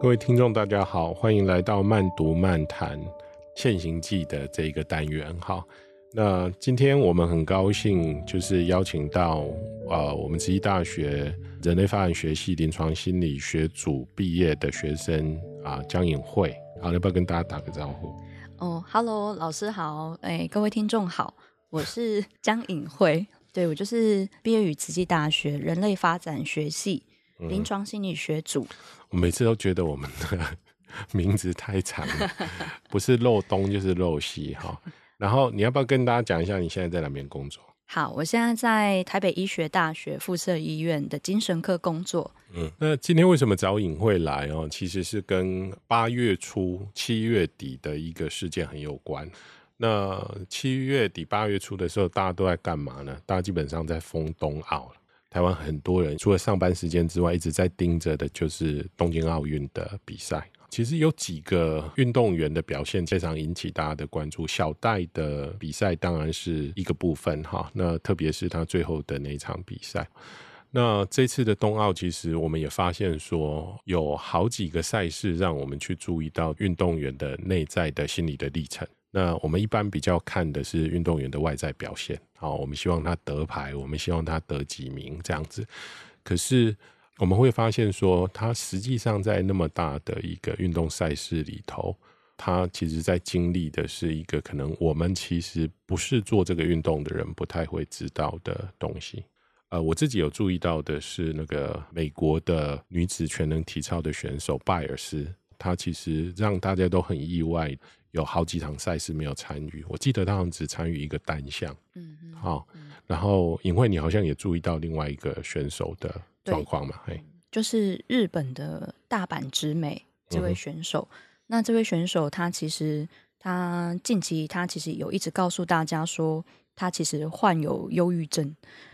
各位聽眾，大家好，歡迎來到《慢讀漫談》現形記的這一個單元。好，那今天我們很高興，就是邀請到、呃、我們慈濟大學人類發展學系臨床心理學組畢業的學生啊、呃，江穎慧。好，要不要跟大家打個招呼？哦哈嘍，老師好，哎、欸，各位聽眾好，我是江穎慧，對，我就是畢業於慈濟大學人類發展學系臨床心理學組、嗯。我每次都覺得我們的名字太長了， 不是漏東就是漏西，好。然後你要不要跟大家講一下你現在在哪邊工作？好，我現在在台北醫學大學附設醫院的精神科工作。嗯，那今天為什麼穎慧會來哦？其實是跟八月初、七月底的一個事件很有關。那七月底、八月初的時候，大家都在幹嘛呢？大家基本上在瘋東奧了。台灣很多人除了上班時間之外，一直在盯着的就是東京奧運的比賽。其實有幾個運動員的表現非常引起大家的關注，小戴的比賽當然是一個部分哈。那特別是他最後的那場比賽。那這次的東奧，其實我們也發現說，有好幾個賽事讓我們去注意到運動員的內在的心理的歷程。那我們一般比較看的是運動員的外在表現，好，我們希望他得牌，我們希望他得幾名這樣子。可是。我們會發現說，他實際上在那麼大的一個運動賽事裡頭，他其實在經歷的是一個可能我們其實不是做這個運動的人不太會知道的東西。呃，我自己有注意到的是，那個美國的女子全能體操的選手拜爾斯，她其實讓大家都很意外，有好幾場賽事沒有參與。我記得她好像只參與一個單項，嗯哼、哦、嗯，好。然後，穎慧，你好像也注意到另外一個選手的。狀況嘛，就是日本的大阪直美這位選手、嗯。那這位選手，他其實他近期他其實有一直告訴大家說，他其實患有憂鬱症、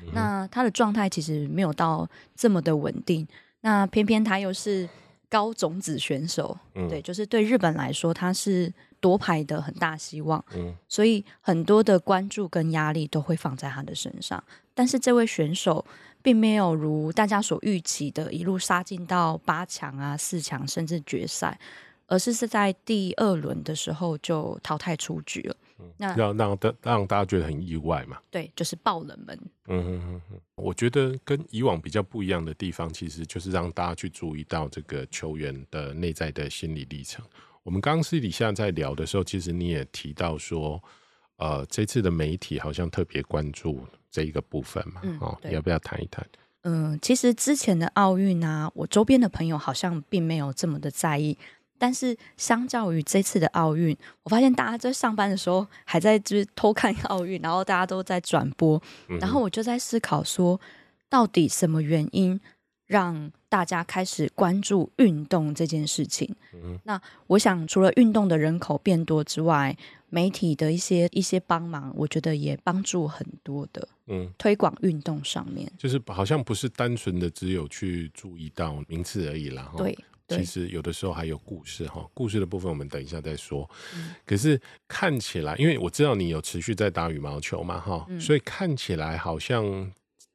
嗯。那他的狀態其實沒有到這麼的穩定。那偏偏他又是高種子選手，嗯、對，就是對日本來說，他是奪牌的很大希望、嗯。所以很多的關注跟壓力都會放在他的身上。但是這位選手並沒有如大家所預期的，一路殺進到八強啊、四強甚至決賽，而是是在第二輪的時候就淘汰出局了。嗯、那要讓讓讓大家覺得很意外嘛？對，就是爆冷門。嗯嗯嗯嗯，我覺得跟以往比較不一樣的地方，其實就是讓大家去注意到這個球員的內在的心理歷程。我們剛剛私底下在聊的時候，其實你也提到說，呃，這次的媒體好像特別關注。這一個部分嘛、嗯，哦，要不要談一談？嗯、呃，其實之前的奧運呢、啊，我周邊的朋友好像並沒有這麼的在意，但是相較於這次的奧運，我發現大家在上班的時候還在就是偷看奧運，然後大家都在轉播、嗯，然後我就在思考說，到底什麼原因？讓大家開始關注運動這件事情。嗯，那我想，除了運動的人口變多之外，媒體的一些一些幫忙，我覺得也幫助很多的。嗯，推廣運動上面，就是好像不是單純的只有去注意到名次而已啦。對，對，其實有的時候還有故事哈。故事的部分，我們等一下再說，嗯。可是看起來，因為我知道你有持續在打羽毛球嘛哈，嗯，所以看起來好像。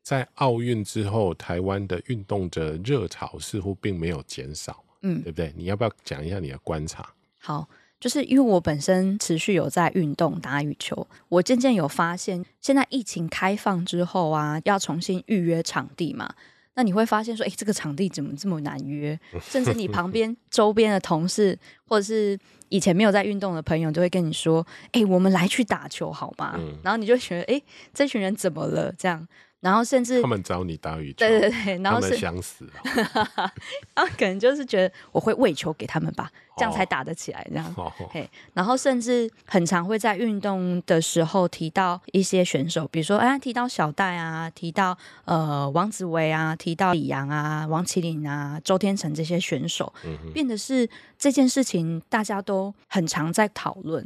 在奧運之後，台灣的運動的熱潮似乎並沒有減少，嗯，對不對？你要不要講一下你的觀察？好，就是因為我本身持續有在運動打羽球，我漸漸有發現，現在疫情開放之後啊，要重新預約場地嘛，那你會發現說，哎，這個場地怎麼這麼難約？甚至你旁邊周邊的同事 或者是以前沒有在運動的朋友，就會跟你說，哎，我們來去打球好嗎？嗯、然後你就會覺得，哎，這群人怎麼了？這樣。然後甚至他們找你打羽球，對對對，然後是想死，然 可能就是覺得我會餵球給他們吧，哦、這樣才打得起來這樣、哦。然後甚至很常會在運動的時候提到一些選手，比如說哎，提到小戴啊，提到呃王子維啊，提到李洋啊，王齊麟啊，周天成這些選手、嗯，變得是這件事情大家都很常在討論。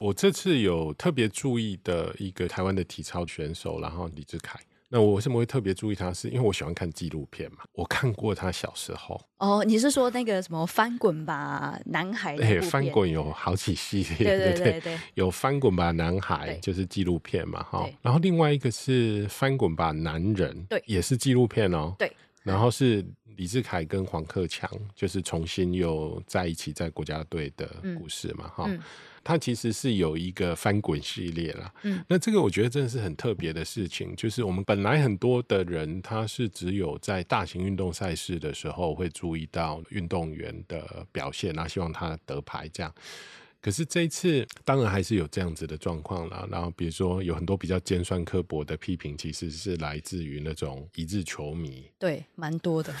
我這次有特別注意的一個台灣的體操選手，然後李智凱。那我為什麼會特別注意他？是因為我喜歡看紀錄片嘛。我看過他小時候。哦，你是說那個什麼《翻滾吧，男孩》？誒，《翻滾》有好幾系列，對對對，有《翻滾吧，男孩》就是紀錄片嘛，哈。然後另外一個是《翻滾吧，男人》，對，也是紀錄片哦。對。然後是。李志凱跟黃克強就是重新又在一起，在國家隊的故事嘛，哈、嗯，他、嗯、其實是有一個翻滾系列啦、嗯。那這個我覺得真的是很特別的事情，就是我們本來很多的人，他是只有在大型運動賽事的時候會注意到運動員的表現，然後希望他得牌這樣。可是這一次，當然還是有這樣子的狀況啦。然後比如說，有很多比較尖酸刻薄的批評，其實是來自於那種一日球迷。對，蠻多的，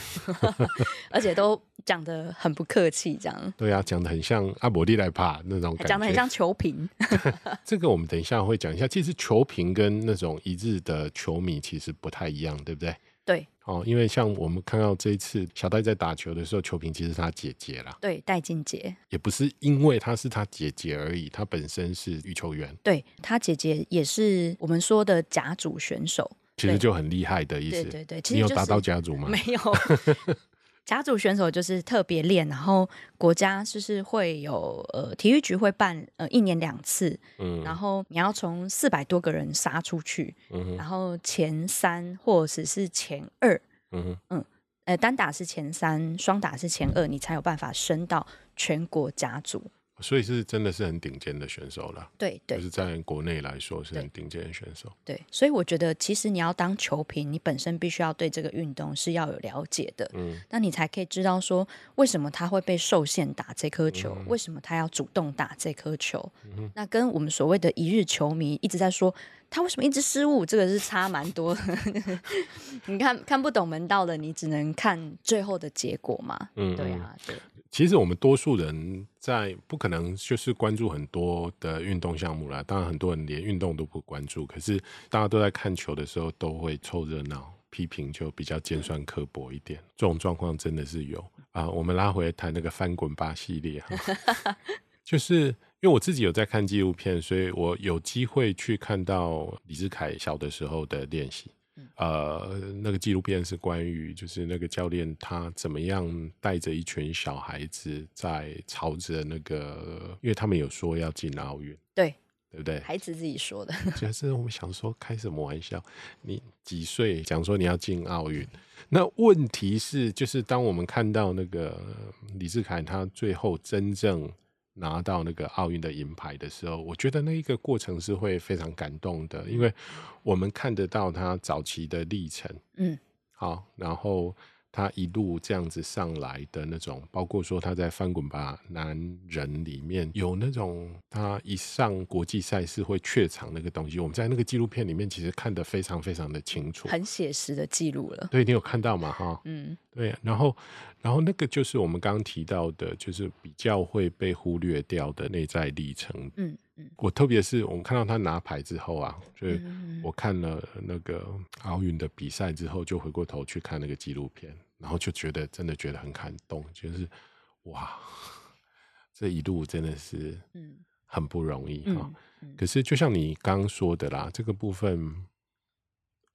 而且都講的很不客氣，這樣。對啊，講的很像阿伯利萊帕那種感覺，講的很像球評。 這個我們等一下會講一下，其實球評跟那種一日的球迷其實不太一樣，對不對？對。哦，因為像我們看到這一次小戴在打球的時候，球評其實是他姐姐啦。對，戴靜姐，也不是因為他是他姐姐而已，他本身是女球員。對他姐姐也是我們說的甲組選手，其實就很厲害的意思。對對對，就是、你有打到甲組嗎？沒有。 甲組選手就是特別練，然後國家就是會有呃體育局會辦呃一年兩次，嗯，然後你要從四百多個人殺出去，嗯哼，然後前三或者是前二，嗯哼，嗯，呃單打是前三，雙打是前二，你才有辦法升到全國甲組。所以是真的是很頂尖的選手了，對對，就是在國內來說是很頂尖的選手對對。對，所以我覺得其實你要當球評，你本身必須要對這個運動是要有了解的，嗯，那你才可以知道說為什麼他會被受限打這顆球、嗯，為什麼他要主動打這顆球、嗯。那跟我們所謂的一日球迷一直在說他為什麼一直失誤，這個是差蠻多的。 你看看不懂門道的，你只能看最後的結果嘛。嗯，嗯，對啊，對。其實我們多數人在不可能就是關注很多的運動項目啦。當然很多人連運動都不關注。可是大家都在看球的時候，都會湊熱鬧，批評就比較尖酸刻薄一點。這種狀況真的是有啊。我們拉回來談那個《翻滾吧》系列，哈就是因為我自己有在看紀錄片，所以我有機會去看到李智凱小的時候的練習。呃，那個紀錄片是關於，就是那個教練他怎麼樣帶着一群小孩子在朝着那個，因為他們有說要進奧運，對對不對？孩子自己說的，就是我們想說開什麼玩笑？ 你幾歲想說你要進奧運？那問題是，就是當我們看到那個李志凱他最後真正。拿到那個奧運的銀牌的時候，我覺得那一個過程是會非常感動的，因為我們看得到他早期的歷程。嗯，好，然後。他一路這樣子上來的那種，包括說他在《翻滾吧，男人》裡面有那種他一上國際賽事會怯場那個東西，我們在那個紀錄片裡面其實看得非常非常的清楚，很寫實的記錄了。對，你有看到嗎？哈，嗯，對。然後，然後那個就是我們剛剛提到的，就是比較會被忽略掉的內在歷程。嗯。嗯，我特別是我看到他拿牌之後啊，所以我看了那個奧運的比賽之後，就回過頭去看那個紀錄片，然後就覺得真的覺得很感動，就是哇，這一路真的是嗯很不容易啊、哦嗯嗯嗯。可是就像你剛說的啦，這個部分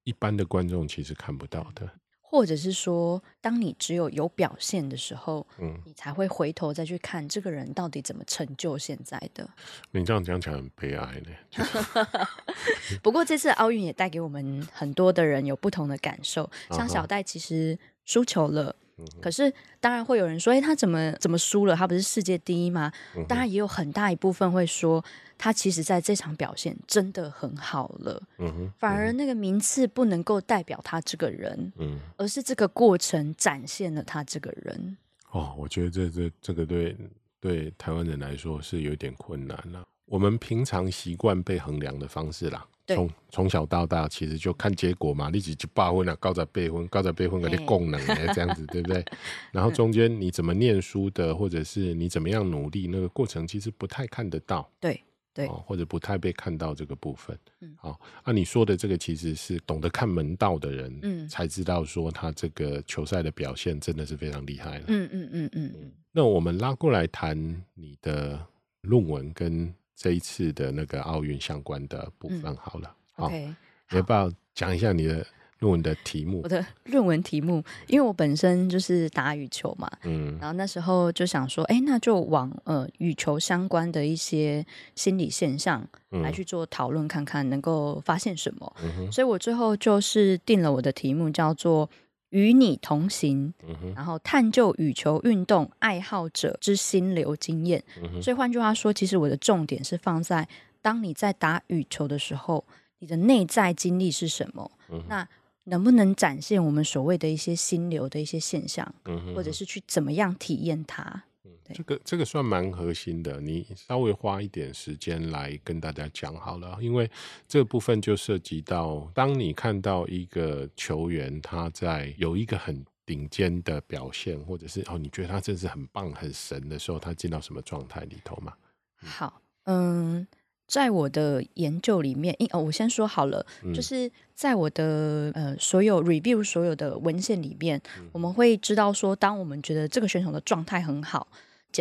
一般的觀眾其實看不到的。或者是說，當你只有有表現的時候，嗯，你才會回頭再去看這個人到底怎麼成就現在的。你這樣講起來很悲哀呢？就是、 不過這次奧運也帶給我們很多的人有不同的感受，像小戴其實輸球了。可是，當然會有人說：“哎、欸，他怎麼怎麼輸了？他不是世界第一嗎？”當然，也有很大一部分會說，他其實在這場表現真的很好了。嗯哼，反而那個名次不能夠代表他這個人，嗯，而是這個過程展現了他這個人。嗯、哦，我覺得這這這個對對台灣人來說是有點困難了、啊。我們平常習慣被衡量的方式啦，從從小到大其實就看結果嘛，你只就罷婚啊，高在被婚，高在被婚，你的功能誒，這樣子對不對？ 然後中間你怎麼念書的，或者是你怎麼樣努力，那個過程其實不太看得到，對對，或者不太被看到這個部分。嗯，好，那你說的這個其實是懂得看門道的人，嗯，才知道說他這個球賽的表現真的是非常厲害了。嗯嗯嗯嗯。那我們拉過來談你的論文跟。這一次的那個奧運相關的部分好了。嗯，OK，oh，好，要不要講一下你的論文的題目？我的論文題目，因為我本身就是打羽球嘛，嗯，然後那時候就想說，哎，那就往呃羽球相關的一些心理現象來去做討論，看看能夠發現什麼。嗯哼。所以我最後就是定了我的題目，叫做。與你同行，然後探究羽球運動愛好者之心流經驗。所以換句話說，其實我的重點是放在：當你在打羽球的時候，你的內在經歷是什麼？那能不能展現我們所謂的一些心流的一些現象，或者是去怎麼樣體驗它？這個這個算蠻核心的，你稍微花一點時間來跟大家講好了，因為這部分就涉及到，當你看到一個球員他在有一個很頂尖的表現，或者是哦，你覺得他真是很棒，很神的時候，他進到什麼狀態裡頭嘛、嗯？好，嗯、呃，在我的研究裡面，一哦，我先說好了，嗯、就是在我的呃所有 review 所有的文獻裡面、嗯，我們會知道說，當我們覺得這個選手的狀態很好。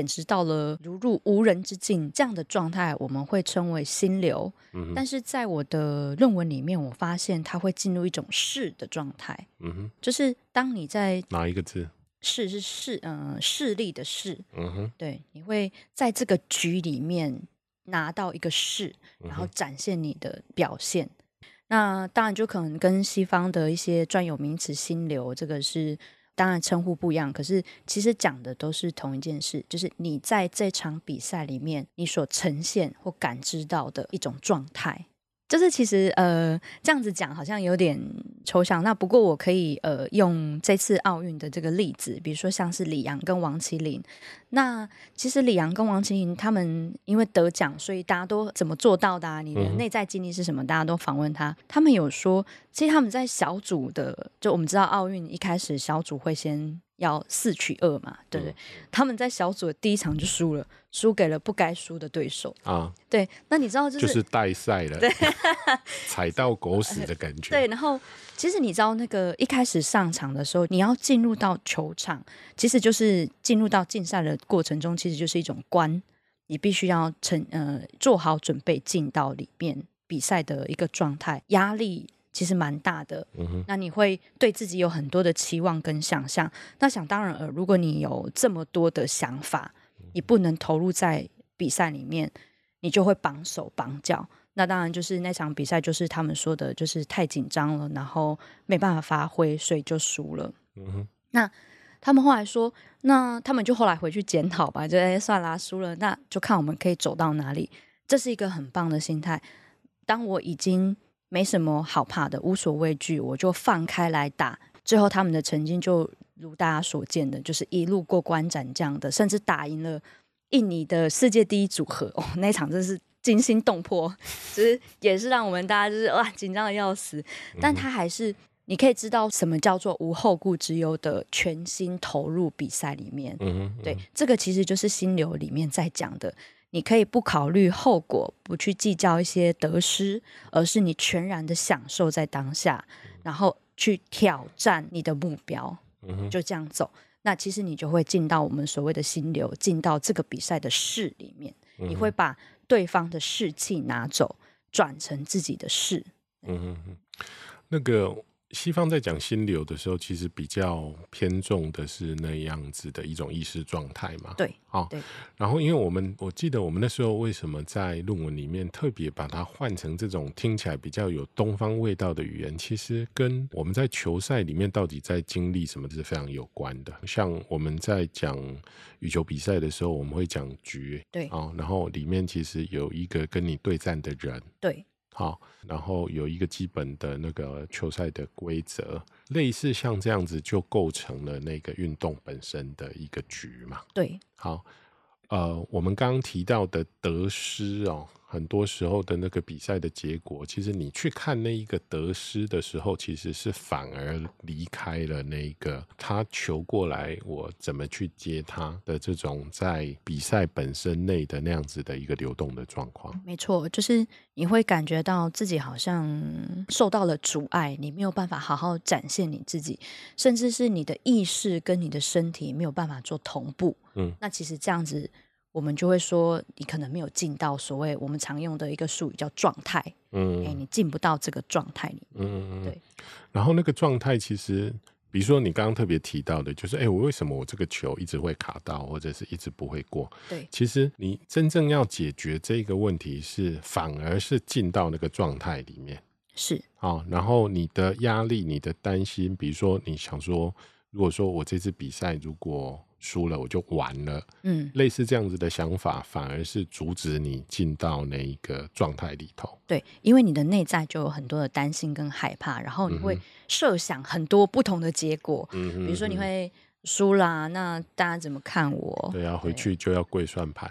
簡直到了如入無人之境這樣的狀態，我們會稱為心流、嗯。但是在我的論文裡面，我發現它會進入一種勢的狀態、嗯。就是當你在哪一個字？勢是勢，嗯、呃，勢力的勢。嗯哼，對，你會在這個局裡面拿到一個勢，然後展現你的表現、嗯。那當然就可能跟西方的一些專有名詞“心流”這個是。當然稱呼不一樣，可是其實講的都是同一件事，就是你在這場比賽裡面，你所呈現或感知到的一種狀態。就是其實呃這樣子講好像有點抽象，那不過我可以呃用這次奧運的這個例子，比如說像是李洋跟王齊麟。那其實李洋跟王齊麟他們因為得獎，所以大家都怎麼做到的？啊？你的內在經歷是什麼？大家都訪問他，他們有說，其實他們在小組的，就我們知道奧運一開始小組會先。要四取二嘛，對不對、嗯？他們在小組的第一場就輸了，輸給了不該輸的對手啊。對，那你知道就是帶、就是、賽了，對 踩到狗屎的感覺。對，呃、對然後其實你知道那個一開始上場的時候，你要進入到球場，其實就是進入到競賽的過程中，其實就是一種關，你必須要成呃做好準備進到裡面比賽的一個狀態，壓力其實蠻大的，那你會對自己有很多的期望跟想象。那想當然，如果你有這麼多的想法，你不能投入在比賽裡面，你就會綁手綁腳。那當然就是那場比賽，就是他們說的，就是太緊張了，然後沒辦法發揮，所以就輸了。嗯、那他們後來說，那他們就後來回去檢討吧，就、哎、算啦，輸了，那就看我們可以走到哪裡。這是一個很棒的心態。當我已經。沒什麼好怕的，無所畏懼，我就放開來打。最後他們的成績就如大家所見的，就是一路過關斬將的，甚至打贏了印尼的世界第一組合。哦，那場真是驚心動魄，就是也是讓我們大家就是哇緊張的要死。但他還是，你可以知道什麼叫做無後顧之憂的全心投入比賽裡面。嗯，對，這個其實就是心流裡面在講的。你可以不考慮後果，不去計較一些得失，而是你全然的享受在當下，然後去挑戰你的目標，就這樣走，嗯。那其實你就會進到我們所謂的心流，進到這個比賽的勢裡面，嗯、你會把對方的士氣拿走，轉成自己的勢。嗯哼，那個。西方在講心流的時候，其實比較偏重的是那樣子的一種意識狀態嘛。對，啊，然後因為我們我記得我們那時候為什麼在論文裡面特別把它換成這種聽起來比較有東方味道的語言，其實跟我們在球賽裡面到底在經歷什麼是非常有關的。像我們在講羽球比賽的時候，我們會講局，對，啊，然後裡面其實有一個跟你對戰的人，對。好，然後有一個基本的那個球賽的規則，類似像這樣子就構成了那個運動本身的一個局嘛。對，好，呃，我們剛剛提到的得失哦。很多時候的那個比賽的結果，其實你去看那一個得失的時候，其實是反而離開了那個他球過來，我怎麼去接他的這種在比賽本身內的那樣子的一個流動的狀況。沒錯，就是你會感覺到自己好像受到了阻礙，你沒有辦法好好展現你自己，甚至是你的意識跟你的身體沒有辦法做同步。嗯，那其實這樣子。我們就會說，你可能沒有進到所謂我們常用的一個術語叫狀態。嗯，欸、你進不到這個狀態裡。嗯嗯嗯，對。然後那個狀態其實，比如說你剛剛特別提到的，就是哎、欸，我為什麼我這個球一直會卡到，或者是一直不會過？對。其實你真正要解決這個問題，是反而是進到那個狀態裡面。是。啊，然後你的壓力、你的擔心，比如說你想說，如果說我這次比賽如果……輸了我就完了，嗯，類似這樣子的想法，反而是阻止你進到那一個狀態裡頭。對，因為你的內在就有很多的擔心跟害怕，然後你會設想很多不同的結果，嗯，比如說你會輸啦，嗯，那大家怎麼看我？對啊，回去就要跪算盤。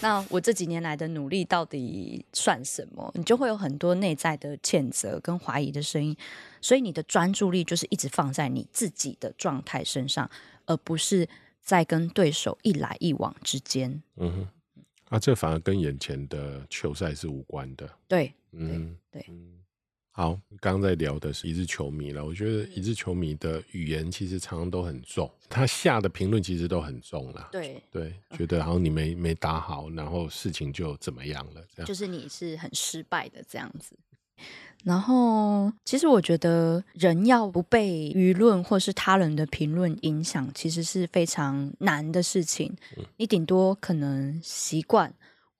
那我這幾年來的努力到底算什麼？ 你就會有很多內在的譴責跟懷疑的聲音，所以你的專注力就是一直放在你自己的狀態身上。而不是在跟對手一來一往之間，嗯哼，啊，這反而跟眼前的球賽是無關的。對，嗯，對，對嗯、好，剛剛在聊的是一日球迷了，我覺得一日球迷的語言其實常常都很重，嗯、他下的評論其實都很重啦。對，對，覺得然後你沒、嗯、沒打好，然後事情就怎麼樣了，這樣就是你是很失敗的這樣子。然後，其實我覺得人要不被輿論或是他人的評論影響，其實是非常難的事情。你頂多可能習慣，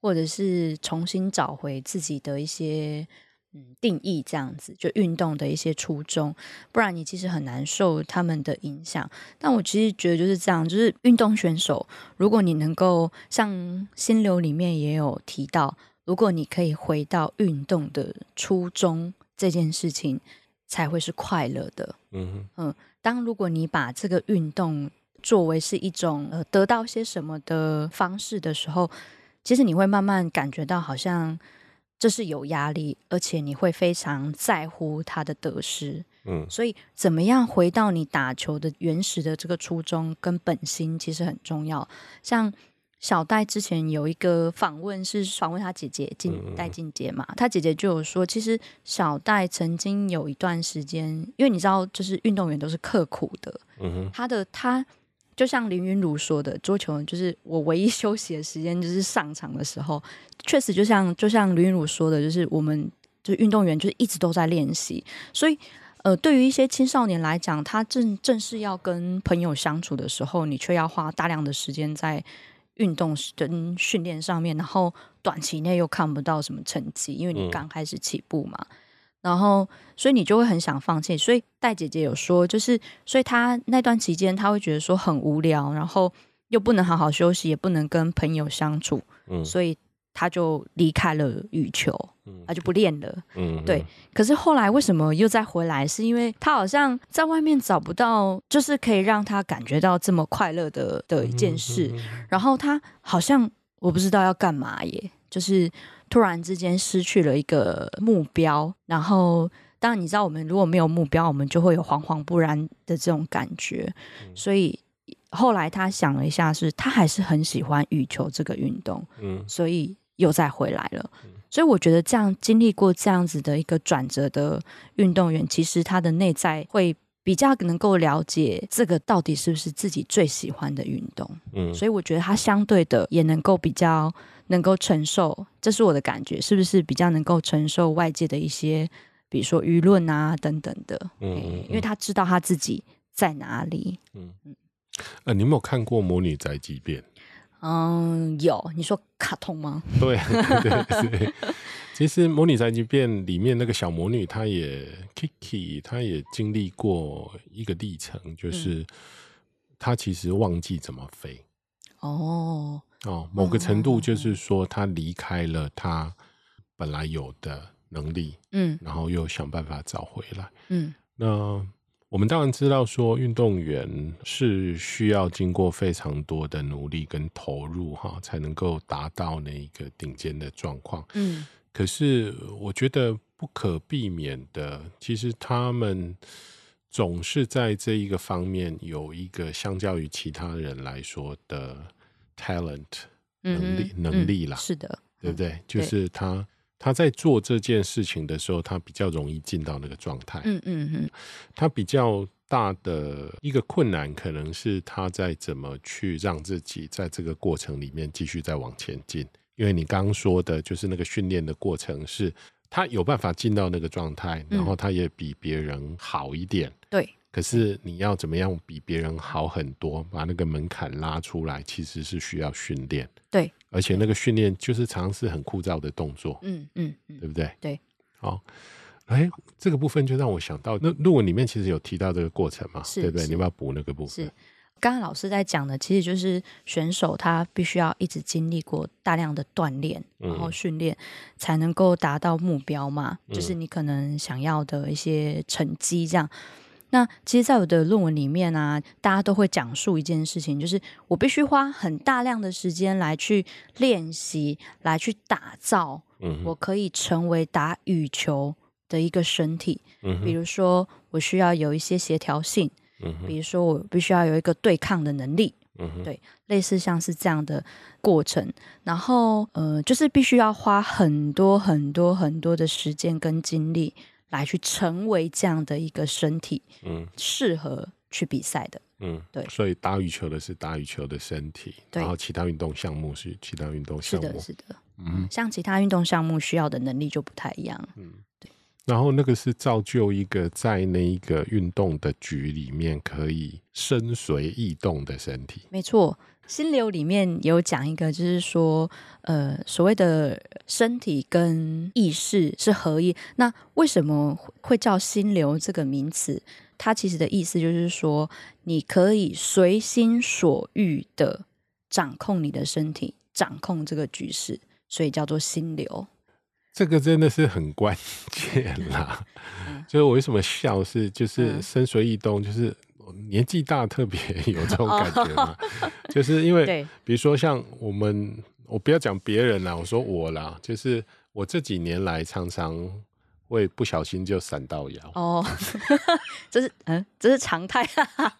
或者是重新找回自己的一些嗯定義，這樣子就運動的一些初衷。不然你其實很難受他們的影響。但我其實覺得就是這樣，就是運動選手，如果你能夠像《心流》裡面也有提到。如果你可以回到運動的初衷，這件事情才會是快樂的。嗯，嗯，當如果你把這個運動作為是一種，呃，得到些什麼的方式的時候，其實你會慢慢感覺到好像這是有壓力，而且你會非常在乎它的得失。嗯，所以怎麼樣回到你打球的原始的這個初衷跟本心，其實很重要。像。小戴之前有一個訪問，是訪問他姐姐戴靖潔嘛。他姐姐就有說，其實小戴曾經有一段時間，因為你知道，就是運動員都是刻苦的。嗯哼，他的他就像林昀儒說的，桌球，就是我唯一休息的時間，就是上場的時候，確實就像就像林昀儒說的，就是我們就是運動員就是一直都在練習，所以呃，對於一些青少年來講，他正正是要跟朋友相處的時候，你卻要花大量的時間在。運動跟訓練上面，然後短期內又看不到什麼成績，因為你剛開始起步嘛，嗯、然後所以你就會很想放棄。所以戴姐姐有說，就是所以她那段期間，她會覺得說很無聊，然後又不能好好休息，也不能跟朋友相處，嗯、所以。他就離開了羽球，他就不練了。嗯，對。可是後來為什麼又再回來？是因為他好像在外面找不到，就是可以讓他感覺到這麼快樂的的一件事、嗯。然後他好像我不知道要幹嘛耶，就是突然之間失去了一個目標。然後當然你知道，我們如果沒有目標，我們就會有惶惶不安的這種感覺。所以後來他想了一下是，是他還是很喜歡羽球這個運動。嗯，所以。又再回來了，所以我覺得這樣經歷過這樣子的一個轉折的運動員，其實他的內在會比較能夠了解這個到底是不是自己最喜歡的運動。嗯，所以我覺得他相對的也能夠比較能夠承受，這是我的感覺，是不是比較能夠承受外界的一些，比如說輿論啊等等的？嗯，嗯，嗯，因為他知道他自己在哪裡。嗯，嗯啊，你有沒有看過《魔女宅急便》？嗯，有。你說卡通嗎？ 對對對，其實《魔女宅急便》裡面那個小魔女她也 Kiki，她也經歷過一個歷程，就是她其實忘記怎麼飛。哦、嗯、哦，某個程度就是說，她離開了她本來有的能力，嗯，然後又想辦法找回來，嗯，那。我們當然知道說，說運動員是需要經過非常多的努力跟投入，哈，才能夠達到那一個頂尖的狀況。嗯，可是我覺得不可避免的，其實他們總是在這一個方面有一個相較於其他人來說的 talent 能力、嗯、能力啦、嗯，是的，對不對？就是他、嗯。他在做這件事情的時候，他比較容易進到那個狀態。嗯嗯嗯，他比較大的一個困難可能是他在怎麼去讓自己在這個過程裡面繼續再往前進。因為你剛剛說的，就是那個訓練的過程，是他有辦法進到那個狀態，嗯、然後他也比別人好一點、嗯。對。可是你要怎麼樣比別人好很多，把那個門檻拉出來，其實是需要訓練。對。而且那個訓練就是常常是很枯燥的動作，嗯嗯，嗯，對不對？對，好，哎，這個部分就讓我想到，那論文裡面其實有提到這個過程嘛，對不對？你要不要補那個部分？是。是，剛剛老師在講的，其實就是選手他必須要一直經歷過大量的鍛鍊，嗯，然後訓練，才能夠達到目標嘛，嗯，就是你可能想要的一些成績這樣。那其實，在我的論文裡面呢、啊，大家都會講述一件事情，就是我必須花很大量的時間來去練習，來去打造，我可以成為打羽球的一個身體。比如說我需要有一些協調性，比如說我必須要有一個對抗的能力，對，類似像是這樣的過程，然後呃，就是必須要花很多很多很多的時間跟精力。來去成為這樣的一個身體，嗯，適合去比賽的，嗯，對。所以打羽球的是打羽球的身體，然後其他運動項目是其他運動項目，是的，是的，嗯，像其他運動項目需要的能力就不太一樣，嗯，對，然後那個是造就一個在那一個運動的局裡面可以身隨意動的身體，沒錯。心流裡面有講一個，就是說，呃，所謂的身體跟意識是合一。那為什麼會叫心流這個名詞？它其實的意思就是說，你可以隨心所欲的掌控你的身體，掌控這個局勢，所以叫做心流。這個真的是很關鍵啦、 嗯。所以，我為什麼笑？是就是身隨意動，就是。年紀大特別有這種感覺嗎？哦、就是因為，比如說像我們，我不要講別人啦，我說我啦，就是我這幾年來常常會不小心就閃到腰。哦， 這是嗯，這是常態。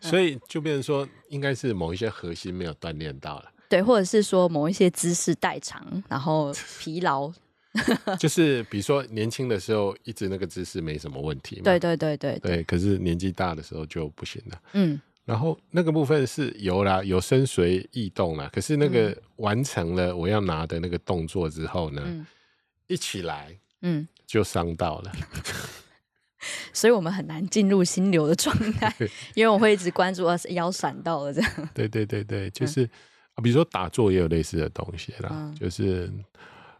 所以就變成說，應該是某一些核心沒有鍛煉到了。對，或者是說某一些姿勢代償，然後疲勞。 就是比如說年輕的時候一直那個姿勢沒什麼問題，對對，對對對對，對，可是年紀大的時候就不行了。嗯，然後那個部分是有啦、啊，有身隨意動啦。可是那個完成了我要拿的那個動作之後呢，嗯、一起來，嗯，就傷到了。嗯、 所以我們很難進入心流的狀態，因為我會一直關注，我腰閃到了這樣。對對對對，就是、嗯、比如說打坐也有類似的東西啦，嗯、就是。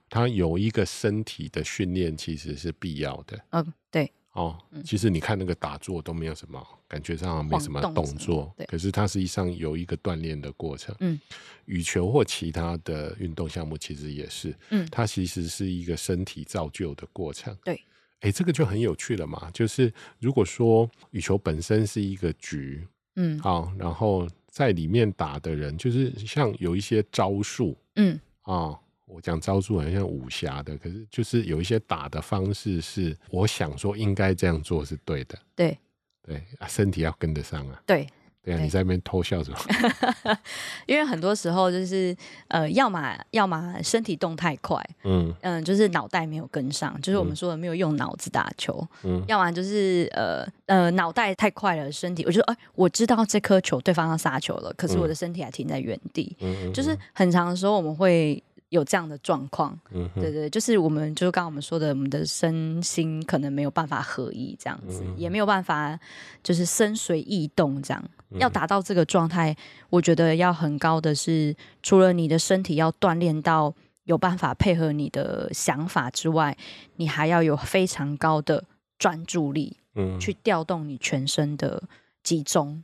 它有一個身體的訓練，其實是必要的。嗯、哦，對。哦，其實你看那個打坐都沒有什麼、嗯、感覺上沒什麼動作動麼。可是它實際上有一個鍛鍊的過程。嗯。羽球或其他的運動項目其實也是。嗯。它其實是一個身體造就的過程。嗯、對。哎，這個就很有趣了嘛。就是如果說羽球本身是一個局，嗯，哦、然後在裡面打的人，就是像有一些招數，嗯，啊、哦。我講招數很像武俠的，可是就是有一些打的方式是，我想說應該這樣做是對的。對對啊，身體要跟得上啊。對對啊對，你在那邊偷笑什麼？ 因為很多時候就是呃，要麼要麼身體動太快，嗯嗯、呃，就是腦袋沒有跟上，就是我們說的沒有用腦子打球。嗯，要嘛就是呃呃，呃、腦袋太快了，身體我就說哎、呃，我知道這顆球對方要殺球了，可是我的身體還停在原地，嗯、嗯嗯嗯就是很常的時候我們會。有這樣的狀況，嗯、對、對對，就是我們就是剛剛我們說的，我們的身心可能沒有辦法合一，這樣子、嗯、也沒有辦法就是身隨意動這樣、嗯。要達到這個狀態，我覺得要很高的是，除了你的身體要鍛鍊到有辦法配合你的想法之外，你還要有非常高的專注力去、嗯，去調動你全身的集中。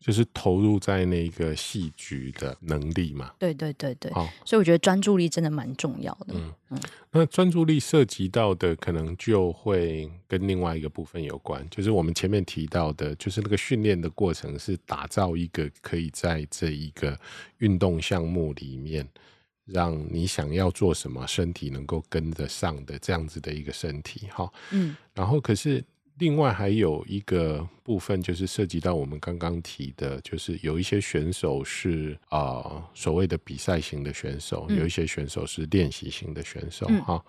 就是投入在那個戲劇的能力嘛，對對對對，哦。所以我覺得專注力真的蠻重要的。嗯嗯，那專注力涉及到的可能就會跟另外一個部分有關，就是我們前面提到的，就是那個訓練的過程是打造一個可以在這一個運動項目裡面，讓你想要做什麼，身體能夠跟得上的這樣子的一個身體。哈。哦。嗯，然後可是。另外還有一個部分，就是涉及到我們剛剛提的，就是有一些選手是啊、呃、所謂的比賽型的選手、嗯，有一些選手是練習型的選手哈。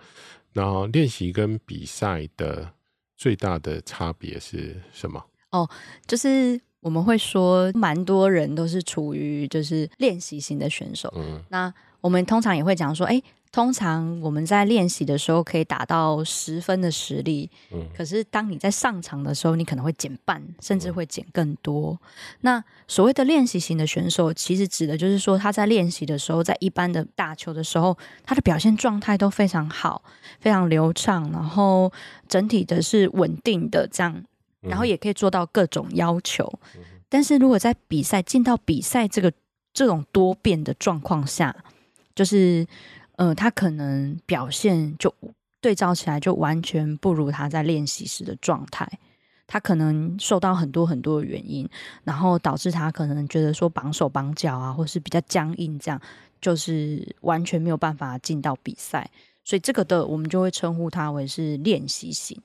那、嗯、練習跟比賽的最大的差別是什麼？哦，就是我們會說，蠻多人都是處於就是練習型的選手。嗯，那我們通常也會講說，哎。通常我們在練習的時候可以達到十分的實力，嗯，可是當你在上場的時候，你可能會減半，甚至會減更多，嗯。那所謂的練習型的選手，其實指的就是說他在練習的時候，在一般的打球的時候，他的表現狀態都非常好，非常流暢，然後整體的是穩定的，這樣，然後也可以做到各種要求。嗯，但是，如果在比賽進到比賽這個這種多變的狀況下，就是。呃，他可能表現就對照起來就完全不如他在練習時的狀態，他可能受到很多很多的原因，然後導致他可能覺得說綁手綁腳啊，或是比較僵硬，這樣就是完全沒有辦法進到比賽，所以這個的我們就會稱呼他為是練習型。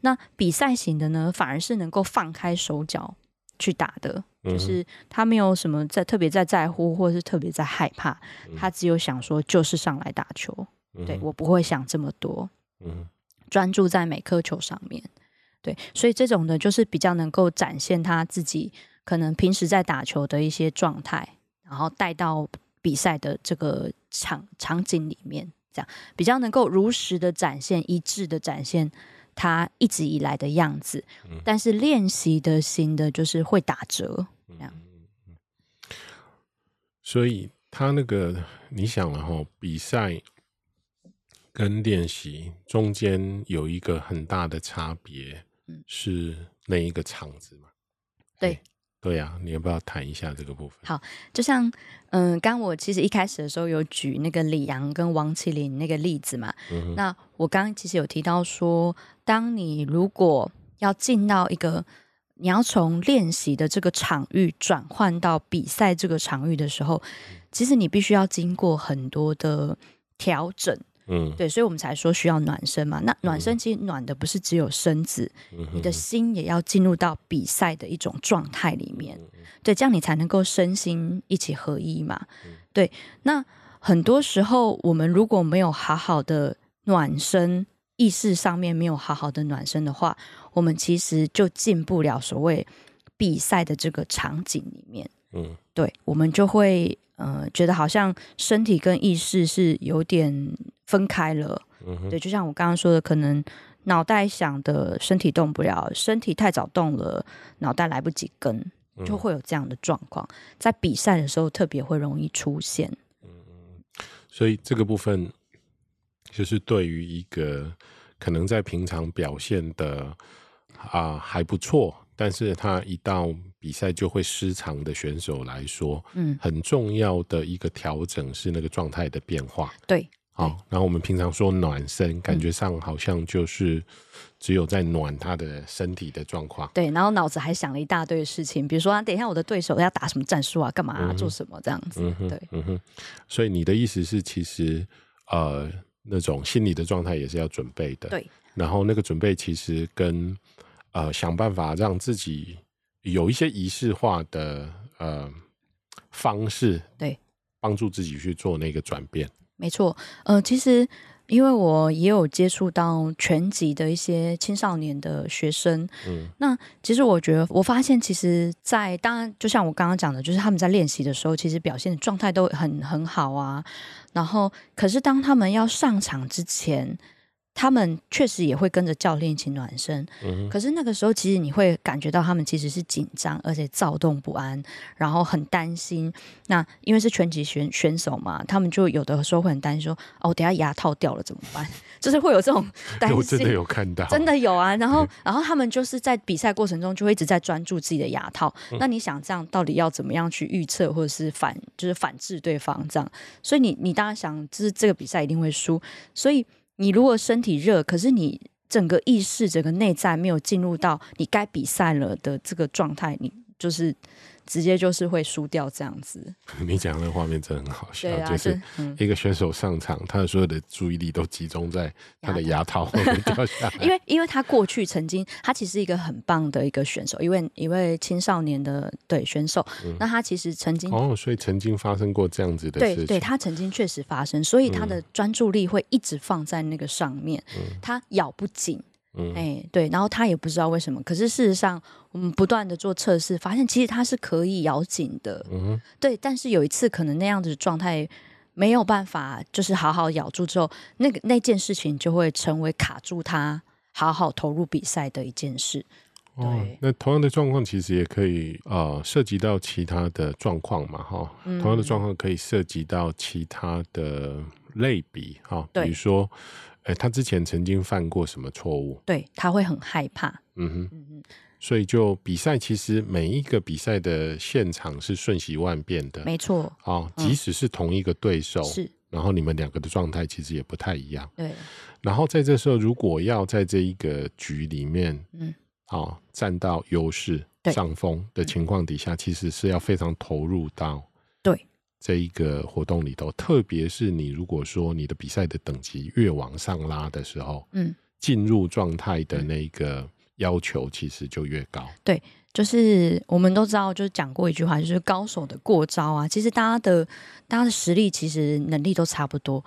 那比賽型的呢，反而是能夠放開手腳去打的。就是他沒有什麼在特別在在乎，或是特別在害怕，他只有想說就是上來打球，嗯、對，我不會想這麼多，嗯、專注在每顆球上面，對，所以這種的就是比較能夠展現他自己可能平時在打球的一些狀態，然後帶到比賽的這個場場景裡面，這樣比較能夠如實的展現，一致的展現他一直以來的樣子，但是練習的心的，新的就是會打折。所以他那個，你想了哈、哦，比賽跟練習中間有一個很大的差別，是那一個場子嘛、嗯？對，對啊，你要不要談一下這個部分？好，就像嗯，呃、剛剛我其實一開始的時候有舉那個李洋跟王齊麟那個例子嘛，嗯哼，那我剛剛其實有提到說，當你如果要進到一個。你要從練習的這個場域轉換到比賽這個場域的時候，其實你必須要經過很多的調整，嗯，對，所以我們才說需要暖身嘛。那暖身其實暖的不是只有身子，嗯，你的心也要進入到比賽的一種狀態裡面，對，這樣你才能夠身心一起合一嘛。對，那很多時候我們如果沒有好好的暖身，意識上面沒有好好的暖身的話。我們其實就進不了所謂比賽的這個場景裡面，嗯，對，我們就會呃覺得好像身體跟意識是有點分開了，嗯，對，就像我剛剛說的，可能腦袋想的，身體動不了，身體太早動了，腦袋來不及跟，就會有這樣的狀況，嗯，在比賽的時候特別會容易出現，嗯，所以這個部分就是對於一個可能在平常表現的。啊、呃，還不錯，但是他一到比賽就會失常的選手來說，嗯，很重要的一個調整是那個狀態的變化，對，好，然後我們平常說暖身，感覺上好像就是只有在暖他的身體的狀況，嗯、對，然後腦子還想了一大堆事情，比如說、啊，等一下我的對手要打什麼戰術啊，幹嘛、啊嗯、做什麼這樣子，對、嗯，嗯哼，所以你的意思是，其實呃，那種心理的狀態也是要準備的，對，然後那個準備其實跟呃，想辦法讓自己有一些儀式化的呃方式，對，幫助自己去做那個轉變。沒錯，呃，其實因為我也有接觸到全級的一些青少年的學生，嗯，那其實我覺得，我發現，其實在，在當然，就像我剛剛講的，就是他們在練習的時候，其實表現的狀態都很很好啊。然後，可是當他們要上場之前，他們確實也會跟着教練一起暖身、嗯，可是那個時候其實你會感覺到他們其實是緊張而且躁動不安，然後很擔心。那因為是拳擊選選手嘛，他們就有的時候會很擔心說：“哦，等下牙套掉了怎麼辦？” 就是會有這種擔心，有真的有看到，真的有啊。然後，嗯、然後他們就是在比賽過程中就會一直在專注自己的牙套。嗯、那你想這樣到底要怎麼樣去預測或者是反就是反制對方這樣？所以你你當然想，就是這個比賽一定會輸，所以。你如果身體熱，可是你整個意識、整個內在沒有進入到你該比賽了的這個狀態，你。就是直接就是會輸掉這樣子。 你講那個畫面真的很好笑，啊就是嗯，就是一個選手上場，他的所有的注意力都集中在他的牙套。牙 因為因為他過去曾經，他其實是一個很棒的一個選手， 一位一位青少年的對選手，嗯，那他其實曾經哦，所以曾經發生過這樣子的事情對，對他曾經確實發生，所以他的專注力會一直放在那個上面，嗯，他咬不緊。哎、嗯欸，對，然後他也不知道為什麼，可是事實上，我們不斷的做測試，發現其實他是可以咬緊的、嗯。對，但是有一次可能那樣子狀態沒有辦法，就是好好咬住之後，那個那件事情就會成為卡住他好好投入比賽的一件事。對哦、那同樣的狀況其實也可以呃涉及到其他的狀況嘛，哈、嗯，同樣的狀況可以涉及到其他的類比，哈，比如說。哎、欸，他之前曾經犯過什麼錯誤？對，他會很害怕。嗯哼，所以就比賽，其實每一個比賽的現場是瞬息萬變的，沒錯。哦，即使是同一個對手，是、嗯，然後你們兩個的狀態其實也不太一樣。對。然後在這時候，如果要在這一個局裡面，嗯，好、哦，佔到優勢、對、上風的情況底下、嗯，其實是要非常投入到這一個活動裡頭，特別是你如果說你的比賽的等級越往上拉的時候，嗯，進入狀態的那個要求其實就越高。對，就是我們都知道，就是講過一句話，就是高手的過招啊，其實大家的大家的實力其實能力都差不多。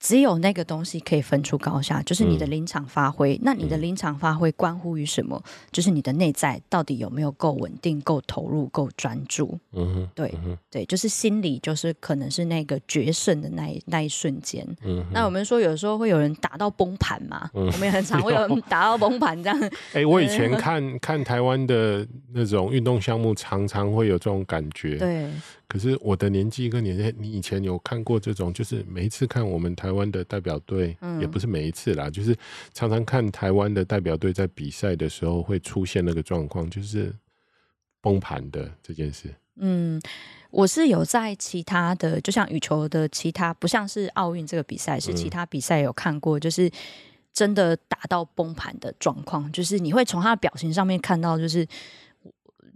只有那個東西可以分出高下，就是你的臨場發揮。嗯、那你的臨場發揮關乎於什麼、嗯？就是你的內在到底有沒有夠穩定、夠投入、夠專注？嗯哼，對嗯哼，對，就是心理就是可能是那個決勝的那一那一瞬間。嗯，那我們說，有時候會有人打到崩盤嘛、嗯，我們也很常會有人打到崩盤這樣。哎、欸，我以前看 看，看台灣的那種運動項目，常常會有這種感覺。對。可是我的年紀跟年齡，你以前有看過這種？就是每一次看我們台灣的代表隊、嗯，也不是每一次啦，就是常常看台灣的代表隊在比賽的時候會出現那個狀況，就是崩盤的這件事。嗯，我是有在其他的，就像羽球的其他，不像是奧運這個比賽，是其他比賽有看過、嗯，就是真的打到崩盤的狀況，就是你會從他的表情上面看到，就是。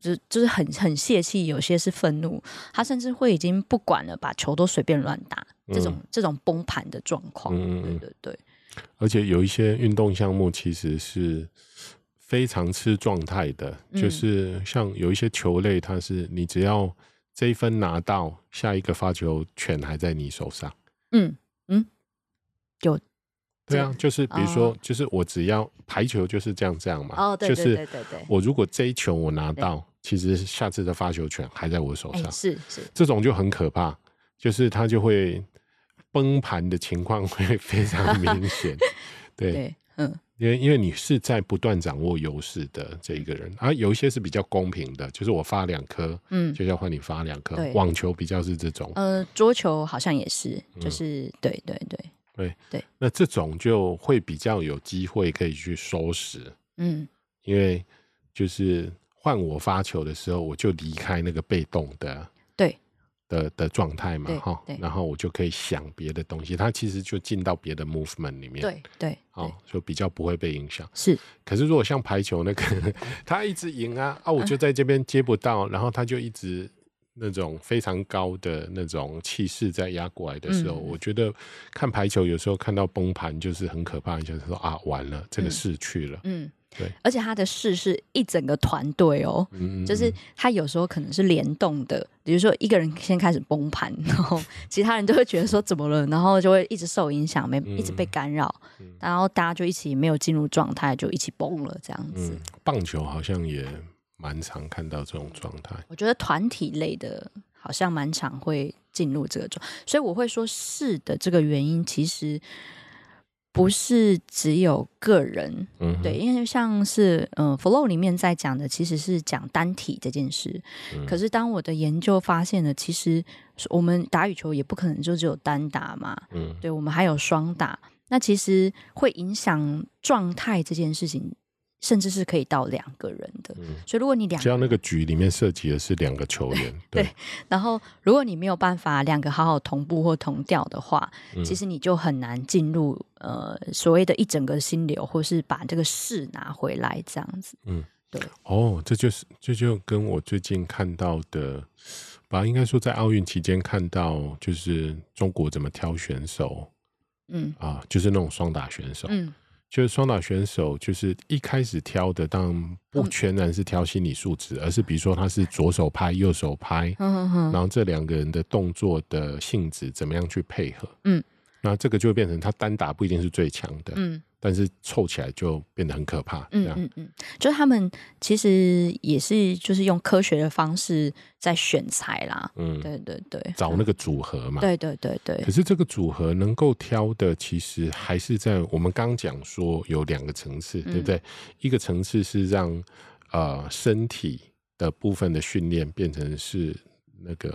就是就是很很洩氣，有些是憤怒，他甚至會已經不管了，把球都隨便亂打。這種、嗯、這種崩盤的狀況，對對對、嗯。而且有一些運動項目其實是非常吃狀態的，嗯、就是像有一些球類，它是你只要這一分拿到，下一個發球權還在你手上。嗯嗯。就這樣對啊，就是比如說、哦，就是我只要排球就是這樣這樣嘛。哦，對對對對，對。就是、我如果這一球我拿到。其實下次的發球權還在我手上，欸、是是，這種就很可怕，就是他就會崩盤的情況會非常明顯。 對，嗯，因為因為你是在不斷掌握優勢的這一個人，而、啊、有一些是比較公平的，就是我發兩顆，嗯，就要換你發兩顆。網球比較是這種，呃，桌球好像也是，就是、嗯、對對對對對，那這種就會比較有機會可以去收拾，嗯，因為就是。換我發球的時候，我就離開那個被動的對的的狀態嘛，哈，然後我就可以想別的東西。它其實就進到別的 movement 裡面，對對，對，哦，就比較不會被影響。是，可是如果像排球那個，他 一直贏啊啊，我就在這邊接不到，嗯、然後他就一直那種非常高的那種氣勢在壓過來的時候、嗯，我覺得看排球有時候看到崩盤就是很可怕，就是說啊完了，這個勢去了，嗯。嗯對，而且他的勢是一整個團隊哦，嗯嗯嗯，就是他有時候可能是聯動的，比如說一個人先開始崩盤，然後其他人就會覺得說怎麼了， 然後就會一直受影響，沒一直被干擾，嗯嗯，然後大家就一起沒有進入狀態，就一起崩了這樣子，嗯。棒球好像也蠻常看到這種狀態，我覺得團體類的好像蠻常會進入這種，所以我會說勢的這個原因其實。不是只有個人，嗯、對，因為就像是嗯、呃，flow 裡面在講的，其實是講單體這件事，嗯。可是當我的研究發現了，其實我們打羽球也不可能就只有單打嘛，嗯，對，我們還有雙打，那其實會影響狀態這件事情。甚至是可以到兩個人的，嗯、所以如果你兩個，只要那個局裡面涉及的是兩個球員，對。對然後，如果你沒有辦法兩個好好同步或同調的話，嗯、其實你就很難進入呃所謂的一整個心流，或是把這個勢拿回來這樣子。嗯，對。哦，這就是這就，就跟我最近看到的，反正應該說在奧運期間看到，就是中國怎麼挑選手，嗯啊，就是那種雙打選手，嗯。就是雙打選手，就是一開始挑的，當然不全然是挑心理素質，而是比如說他是左手拍、右手拍，好好好，然後這兩個人的動作的性質怎麼樣去配合。嗯那這個就會變成他單打不一定是最強的，嗯，但是湊起來就變得很可怕，嗯嗯嗯，就是他們其實也是就是用科學的方式在選材啦，嗯，對對對，找那個組合嘛，對對對對，可是這個組合能夠挑的其實還是在我們剛講說有兩個層次，對不對？嗯、一個層次是讓、呃、身體的部分的訓練變成是那個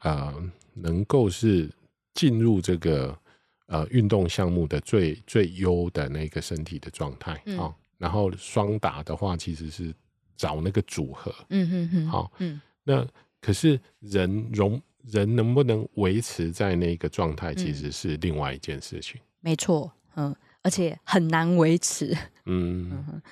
啊、呃，能夠是。進入這個呃運動項目的最最優的那個身體的狀態啊、嗯，然後雙打的話其實是找那個組合，嗯嗯嗯，好、哦，嗯，那可是人容人能不能維持在那個狀態，其實是另外一件事情、嗯。沒錯，嗯，而且很難維持，嗯，嗯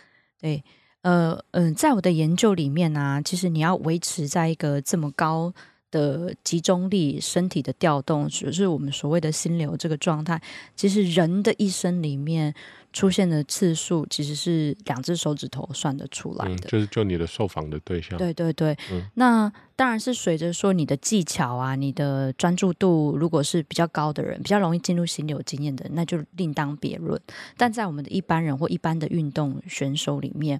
對，呃，嗯、呃，在我的研究裡面、啊、其實你要維持在一個這麼高。的集中力、身體的調動，只、就是我們所謂的心流這個狀態。其實人的一生裡面出現的次數，其實是兩只手指頭算得出來的、嗯。就是就你的受訪的對象，對對對、嗯。那當然是隨着說你的技巧啊，你的專注度如果是比較高的人，比較容易進入心流經驗的，那就另當別論。但在我們的一般人或一般的運動選手裡面，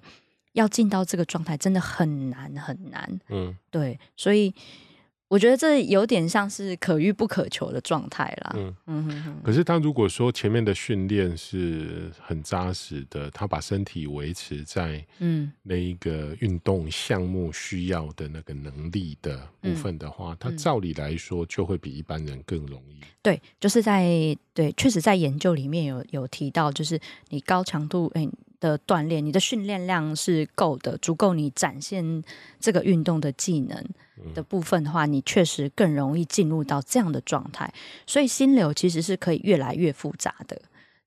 要進到這個狀態，真的很難很難。嗯，對，所以。我覺得這有點像是可遇不可求的狀態啦。嗯，可是他如果說前面的訓練是很扎實的，他把身體維持在嗯，那一個運動項目需要的那個能力的部分的話，嗯、他照理來說就會比一般人更容易。嗯嗯、對，就是在，對，確實在研究裡面有有提到，就是你高強度，誒的鍛鍊，你的訓練量是夠的，足夠你展現這個運動的技能的部分的話，你確實更容易進入到這樣的狀態。所以，心流其實是可以越來越複雜的，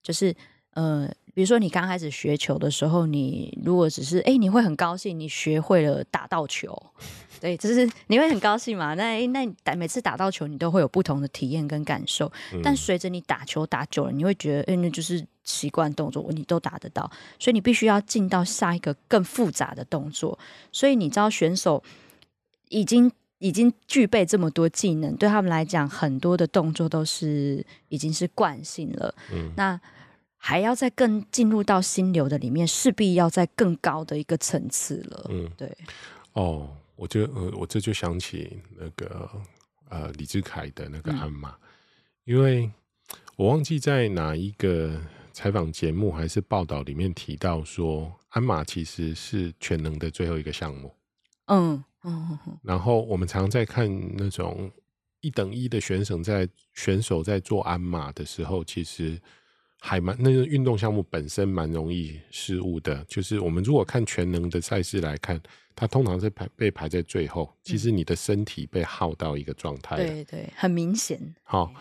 就是呃，比如說你剛開始學球的時候，你如果只是哎、欸，你會很高興你學會了打到球。對，就是你會很高興嘛，那那每次打到球，你都會有不同的體驗跟感受，嗯。但隨着你打球打久了，你會覺得，嗯，就是習慣動作，我你都打得到。所以你必須要進到下一個更複雜的動作。所以你知道，選手已經已經具備這麼多技能，對他們來講，很多的動作都是已經是慣性了。嗯。那還要再更進入到心流的裡面，勢必要在更高的一個層次了。嗯，對。哦。我就我，呃、我這就想起那個呃李智凱的那個鞍馬，嗯，因為我忘記在哪一個採訪節目還是報道裡面提到說，鞍馬其實是全能的最後一個項目。嗯嗯，然後我們常在看那種一等一的選手在選手在做鞍馬的時候，其實。還蠻那個運動項目本身蠻容易失誤的，就是我們如果看全能的賽事來看，它通常是排被排在最後。其實你的身體被耗到一個狀態、嗯，對對，很明顯。好，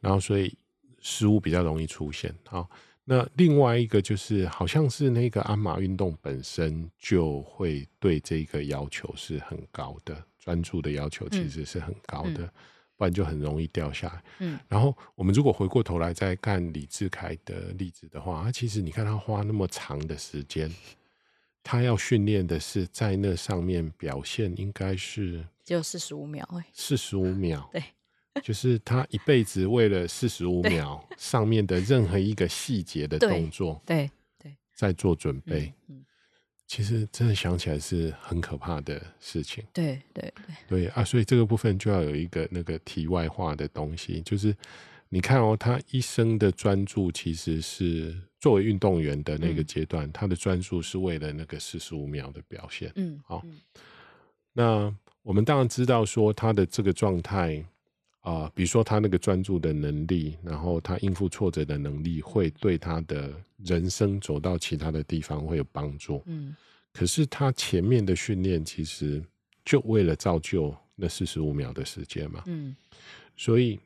然後所以失誤比較容易出現。好，那另外一個就是，好像是那個鞍馬運動本身就會對這個要求是很高的，專注的要求其實是很高的。嗯嗯不然就很容易掉下來。嗯，然後我們如果回過頭來再看李智凱的例子的話，他、啊、其實你看他花那麼長的時間，他要訓練的是在那上面表現，應該是只有四十五秒哎，四十五秒、啊，對，就是他一輩子為了四十五秒上面的任何一個細節的動作對，對對,對，在做準備。嗯嗯其實真的想起來是很可怕的事情。對對對，對。啊，所以這個部分就要有一個那個題外話的東西，就是你看哦，他一生的專注其實是作為運動員的那個階段，嗯、他的專注是為了那個四十五秒的表現嗯。嗯，好。那我們當然知道說他的這個狀態。啊、呃，比如說他那個專注的能力，然後他應付挫折的能力，會對他的人生走到其他的地方會有幫助。嗯，可是他前面的訓練其實就為了造就那四十五秒的時間嘛。嗯，所以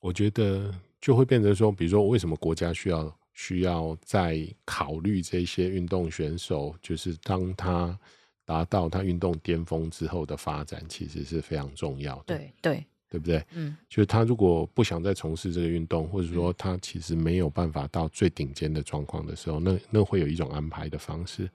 我覺得就會變成說，比如說為什麼國家需要需要再考慮這些運動選手，就是當他達到他運動巔峰之後的發展，其實是非常重要的。對對。對不對？嗯，就是他如果不想再從事這個運動，或者說他其實沒有辦法到最頂尖的狀況的時候，嗯、那那會有一種安排的方式。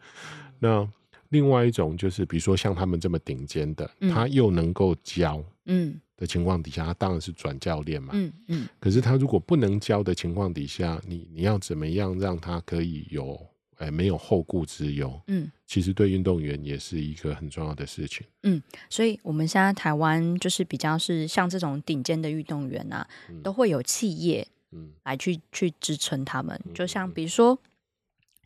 那另外一種就是，比如說像他們這麼頂尖的，他又能夠教，嗯的情況底下、嗯，他當然是轉教練嘛，嗯嗯。可是他如果不能教的情況底下，你你要怎麼樣讓他可以有？哎，沒有後顧之憂。嗯，其實對運動員也是一個很重要的事情。嗯，所以我們現在台灣就是比較是像這種頂尖的運動員啊，嗯、都會有企業來去、嗯、去支撐他們。就像比如說、嗯、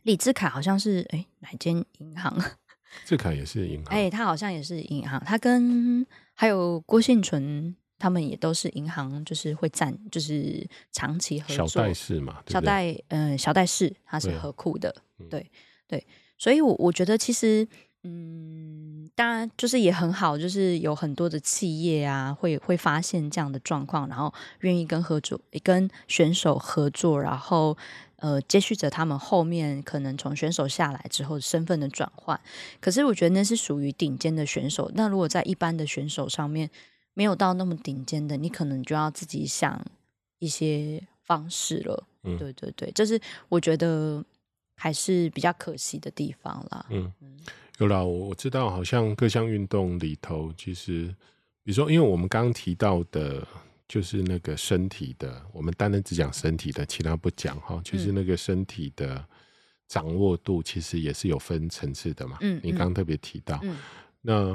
李智凱，好像是哎、欸、哪間銀行？ 智凱也是銀行。哎、欸，他好像也是銀行。他跟還有郭婞淳。他們也都是銀行，就是會占，就是長期合作，小戴是嘛？小戴嗯、呃，小戴是，它是合庫的，對、啊嗯、對，對。所以我，我我覺得其實，嗯，當然就是也很好，就是有很多的企業啊，會會發現這樣的狀況，然後願意跟合作，跟選手合作，然後、呃、接續着他們後面可能從選手下來之後的身份的轉換。可是，我覺得那是屬於頂尖的選手。那如果在一般的選手上面，沒有到那麼頂尖的，你可能就要自己想一些方式了。嗯、對對對，這、就是我覺得還是比較可惜的地方啦。嗯，有啦，我知道，好像各項運動裡頭，其實，比如說，因為我們剛剛提到的，就是那個身體的，我們單單只講身體的，其他不講哈。就是那個身體的掌握度，其實也是有分層次的嘛。嗯、你剛剛特別提到，嗯、那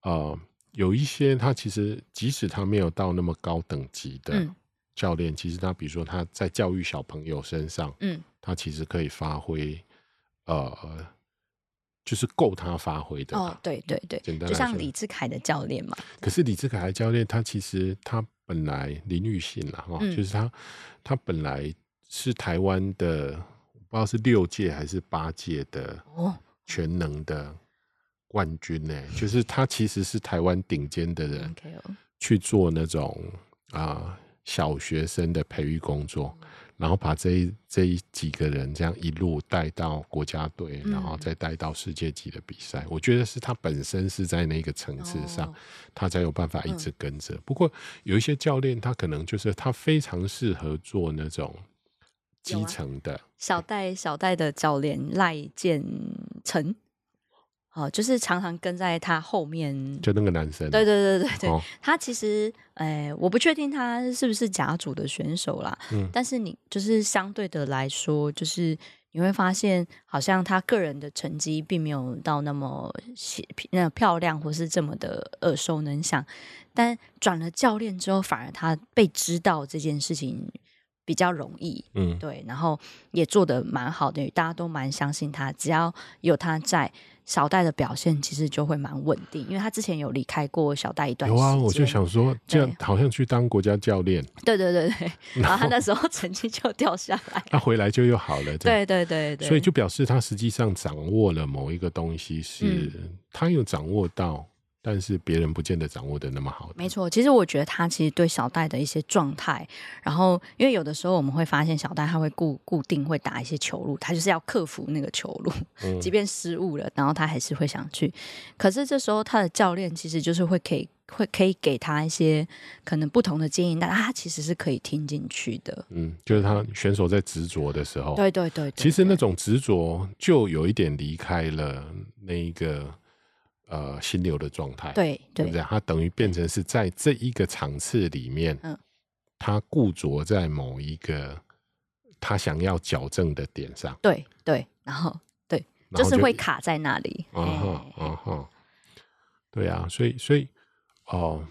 啊。呃有一些他其實，即使他沒有到那麼高等級的教練、嗯，其實他比如說他在教育小朋友身上、嗯，他其實可以發揮，呃，就是夠他發揮的、哦。對對對，簡單來說，就像李志凱的教練嘛。可是李志凱的教練他其實他本來林育信了哈，就是他他本來是台灣的，我不知道是六屆還是八屆的哦，全能的。冠軍呢，欸，就是他其實是台灣頂尖的人去做那種啊、呃、小學生的培育工作，然後把這這幾個人這樣一路帶到國家隊，然後再帶到世界級的比賽，嗯。我覺得是他本身是在那個層次上，他才有辦法一直跟着，哦嗯。不過有一些教練，他可能就是他非常適合做那種基層的、啊、小戴小戴的教練賴建成。哦、呃，就是常常跟在他後面，就那個男生、啊。對對對對對、哦，他其實，哎、呃，我不確定他是不是甲組的選手啦。嗯、但是你就是相對的來說，就是你會發現，好像他個人的成績並沒有到那麼，那麼漂亮，或是這麼的耳熟能詳。但轉了教練之後，反而他被知道這件事情比較容易。嗯，對，然後也做得蠻好的，大家都蠻相信他，只要有他在。小戴的表現其實就會蠻穩定，因為他之前有離開過小戴一段時間。有啊，我就想說，這樣好像去當國家教練。對對，對對對，然後他那時候成績就掉下來，他，啊、回來就又好了。對對對對，所以就表示他實際上掌握了某一個東西是，是，嗯、他有掌握到。但是別人不見得掌握的那麼好。沒錯，其實我覺得他其實對小戴的一些狀態，然後因為有的時候我們會發現小戴他會固固定會打一些球路，他就是要克服那個球路、嗯，即便失誤了，然後他還是會想去。可是這時候他的教練其實就是會可以會可以給他一些可能不同的建議，但他其實是可以聽進去的。嗯，就是他選手在執着的時候，嗯、對，對，對，對對對，其實那種執着就有一點離開了那一個。呃，心流的狀態，對對，對不對？它等於變成是在這一個場次裡面，嗯，它固着在某一個他想要矯正的點上，對對，然後對然後就，就是會卡在那裡，啊哈啊對啊，所以所以哦。呃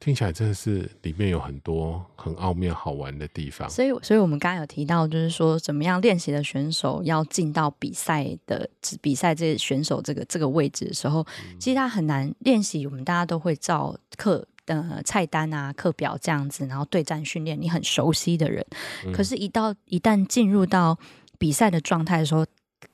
聽起來真的是裡面有很多很奧妙、好玩的地方。所以，所以我們剛剛有提到，就是說，怎麼樣練習的選手要進到比賽的比賽這些選手這個這個位置的時候，嗯、其實他很難練習。我們大家都會照課的菜單啊、課表這樣子，然後對戰訓練，你很熟悉的人。嗯、可是一，一到一旦進入到比賽的狀態的時候，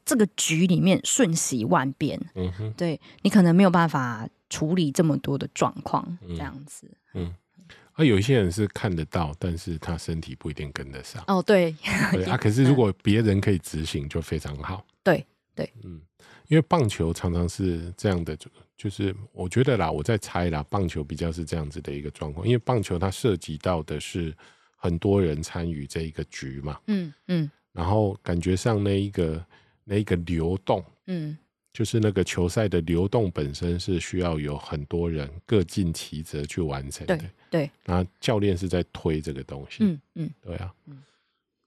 這個局裡面瞬息萬變，嗯哼，對你可能沒有辦法。處理這麼多的狀況，這樣子，嗯，嗯，啊，有一些人是看得到，但是他身體不一定跟得上。哦，對，對，啊，可是如果別人可以執行，就非常好。嗯。對，對，嗯，因為棒球常常是這樣的，就就是我覺得啦，我在猜啦，棒球比較是這樣子的一個狀況，因為棒球它涉及到的是很多人參與這一個局嘛，嗯嗯，然後感覺上那一個那一個流動，嗯。就是那個球賽的流動本身是需要有很多人各盡其責去完成的。對對，那教練是在推這個東西。嗯嗯，對啊、嗯。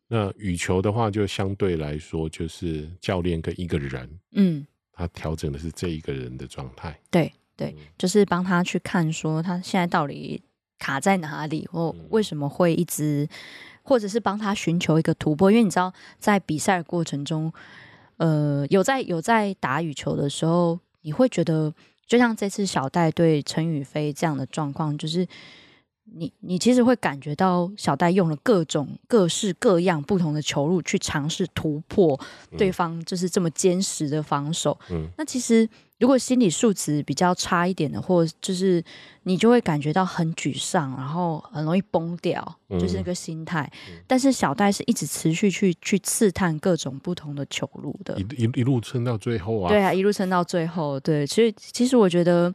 那羽球的話，就相對來說就是教練跟一個人，嗯，他調整的是這一個人的狀態。對對、嗯，就是幫他去看說他現在到底卡在哪裡，或為什麼會一直，嗯、或者是幫他尋求一個突破。因為你知道，在比賽的過程中。呃，有在有在打羽球的時候，你會覺得就像這次小戴對陳雨菲這樣的狀況，就是你你其實會感覺到小戴用了各種各式各樣不同的球路去嘗試突破對方，就是這麼堅實的防守。嗯，那其實。如果心理素質比較差一點的，或者就是你就會感覺到很沮喪，然後很容易崩掉，就是那個心態。嗯。但是小戴是一直持續去去刺探各種不同的球路的，一一,一路撐到最後啊，對啊，一路撐到最後。對，所以其實我覺得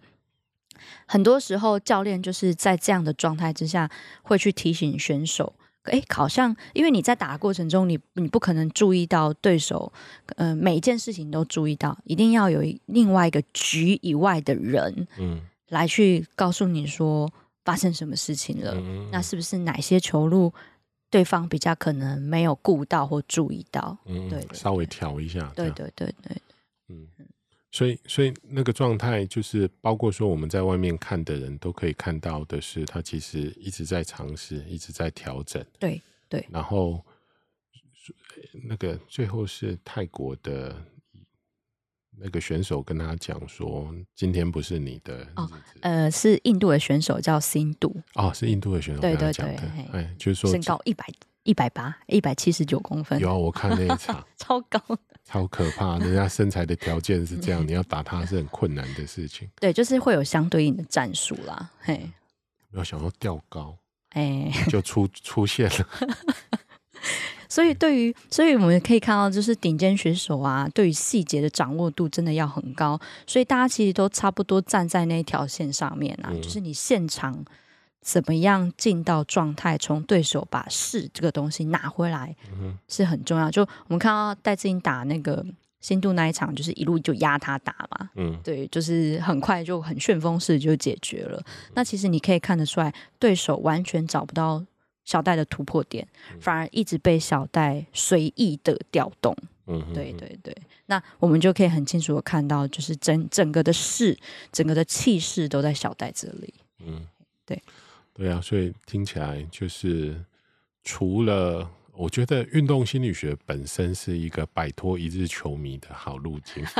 很多時候教練就是在這樣的狀態之下會去提醒選手。哎，好像因為你在打的過程中你，你你不可能注意到對手，呃，每一件事情都注意到，一定要有另外一個局以外的人，嗯，來去告訴你說發生什麼事情了，嗯。那是不是哪些球路對方比較可能沒有顧到或注意到？嗯，對對對，稍微調一下。對對對對。嗯。所以，所以那個狀態就是，包括說我們在外面看的人都可以看到的是，他其實一直在嘗試，一直在調整。對對。然後，那個最後是泰國的那個選手跟他講說：“今天不是你的。”哦，呃，是印度的選手叫辛杜。哦，是印度的選手跟他講的。對對對，對。哎，就是說，身高一百。一百八，一百七十九公分。有啊，我看那一場 超高，超可怕。人家身材的條件是這樣， 你要打他是很困難的事情。對，就是會有相對應的戰術啦。嘿，沒有想到掉高，哎，就出出現了。 所以，對於，所以我們可以看到，就是頂尖選手啊，對於細節的掌握度真的要很高。所以，大家其實都差不多站在那一條線上面啊，嗯、就是你現場。怎麼樣進到狀態，從對手把勢這個東西拿回來，嗯、是很重要。就我們看到戴資穎打那個新度那一場，就是一路就壓他打嘛，嗯，對，就是很快就很旋風式就解決了。嗯、那其實你可以看得出來，對手完全找不到小戴的突破點，嗯，反而一直被小戴隨意的調動。嗯，對對對。那我們就可以很清楚的看到，就是整整個的勢，整個的氣勢都在小戴這裡。嗯，對。對呀，所以聽起來就是除了。我覺得運動心理學本身是一個擺脫一日球迷的好路徑 。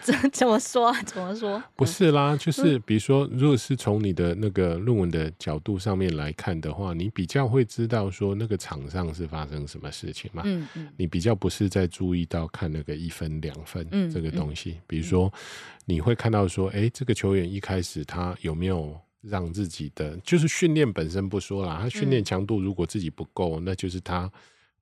怎 怎麼說啊？怎麼說？不是啦，就是比如說、嗯，如果是從你的那個論文的角度上面來看的話，你比較會知道說那個場上是發生什麼事情嘛。嗯嗯、你比較不是在注意到看那個一分兩分這個東西，嗯嗯、比如說你會看到說，哎，這個球員一開始他有沒有？讓自己的就是訓練本身不說了，他訓練強度如果自己不夠，嗯、那就是他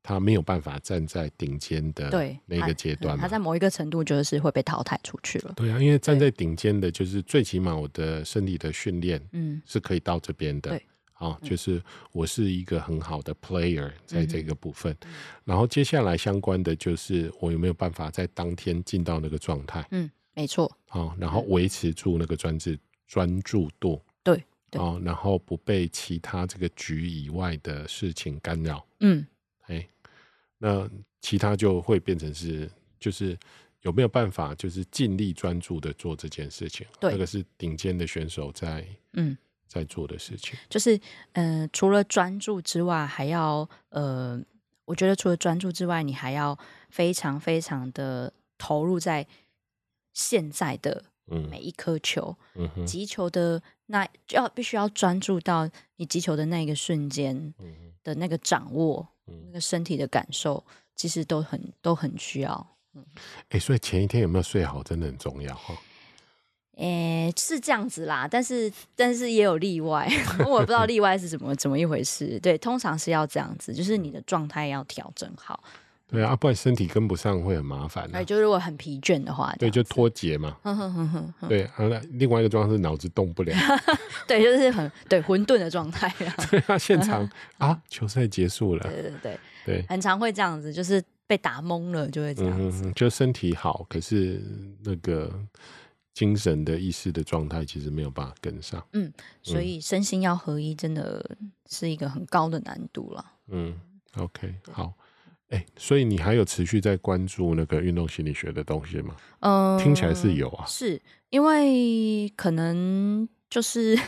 他沒有辦法站在頂尖的那個階段，嗯，他在某一個程度就是會被淘汰出去了。對啊，因為站在頂尖的就是最起碼我的身體的訓練，嗯，是可以到這邊的。啊、嗯哦，就是我是一個很好的 player 在這個部分，嗯，然後接下來相關的就是我有沒有辦法在當天進到那個狀態？嗯，沒錯。啊、哦，然後維持住那個專制專注度。哦，然後不被其他這個局以外的事情干擾。嗯，哎、欸，那其他就會變成是，就是有沒有辦法，就是盡力專注的做這件事情。對，那個是頂尖的選手在嗯在做的事情。就是嗯、呃，除了專注之外，還要呃，我覺得除了專注之外，你還要非常非常的投入在現在的每一顆球，擊、嗯嗯、球的。那就要必須要專注到你擊球的那一個瞬間，的那個掌握、嗯嗯，那個身體的感受，其實都很都很需要。哎、嗯欸，所以前一天有沒有睡好，真的很重要哈、哦欸。是這樣子啦，但是但是也有例外， 我也不知道例外是怎麼 怎麼一回事。對，通常是要這樣子，就是你的狀態要調整好。對啊、啊、不然身體跟不上會很麻煩、啊。哎，就如果很疲倦的話，對，就脫節嘛。呵呵呵呵對，啊、那另外一個狀態是腦子動不了。 對，就是很，對，混沌的狀態、啊。 對啊，現場 啊，球賽結束了。對對對對，對，很常會這樣子，就是被打懵了就會這樣、嗯、就身體好，可是那個精神的意識的狀態其實沒有辦法跟上。嗯，所以身心要合一，真的是一個很高的難度了。嗯，嗯，OK，好。哎，所以你還有持續在關注那個運動心理學的東西嗎？嗯，聽起來是有啊，是因為可能就是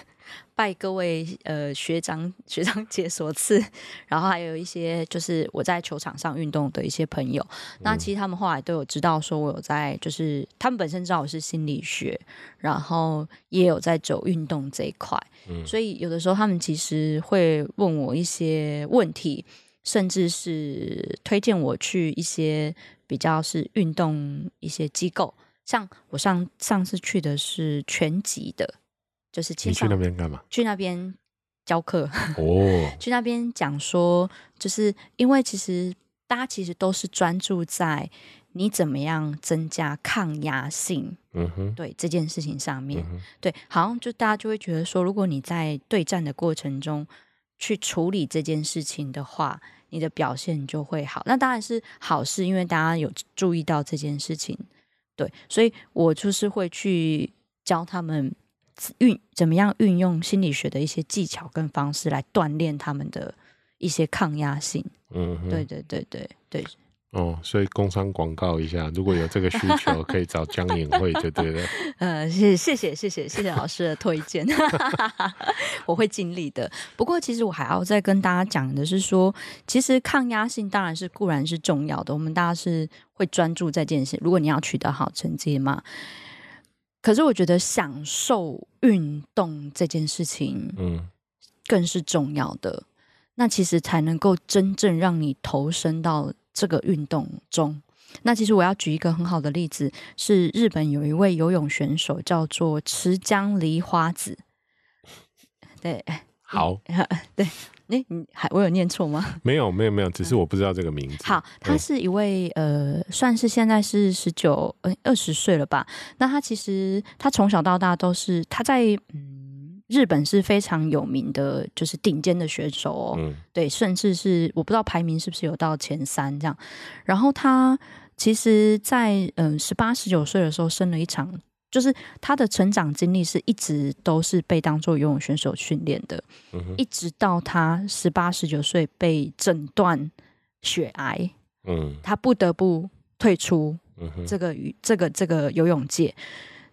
拜各位呃學長學長姐所賜，然後還有一些就是我在球場上運動的一些朋友，嗯、那其實他們後來都有知道說，我有在就是他們本身知道我是心理學，然後也有在走運動這一塊，嗯、所以有的時候他們其實會問我一些問題。甚至是推薦我去一些比較是運動一些機構，像我上上次去的是拳擊的。就是你去那邊幹嘛？去那邊教課哦。 去那邊講說，就是因為其實大家其實都是專注在你怎麼樣增加抗壓性，嗯哼，對，這件事情上面，嗯，對，好像就大家就會覺得說，如果你在對戰的過程中去處理這件事情的話。你的表現就會好，那當然是好事，因為大家有注意到這件事情，對，所以我就是會去教他們運，怎麼樣運用心理學的一些技巧跟方式來鍛鍊他們的一些抗壓性。嗯，對,對,對,對，對，對，對，對。哦，所以工商廣告一下，如果有這個需求，可以找江穎慧就對了。 呃，謝謝謝，謝謝謝謝老師的推薦， 我會盡力的。不過，其實我還要再跟大家講的是說，其實抗壓性當然是固然是重要的，我們大家是會專注在這件事。如果你要取得好成績嘛，可是我覺得享受運動這件事情，嗯，更是重要的，嗯。那其實才能夠真正讓你投身到。這個運動中，那其實我要舉一個很好的例子，是日本有一位游泳選手叫做池江梨花子。對，好，欸、對，欸、你還我有念錯嗎？沒有，沒有，沒有，只是我不知道這個名字。呃、好，他是一位呃，算是現在是十九，嗯，二十歲了吧？那他其實他從小到大都是他在嗯。日本是非常有名的就是頂尖的選手哦，嗯、對，甚至是我不知道排名是不是有到前三這樣。然後他其實在，在嗯十八十九歲的時候，生了一場，就是他的成長經歷是一直都是被當做游泳選手訓練的，嗯，一直到他十八十九歲被診斷血癌，嗯，他不得不退出這個、嗯、這個這個游泳界。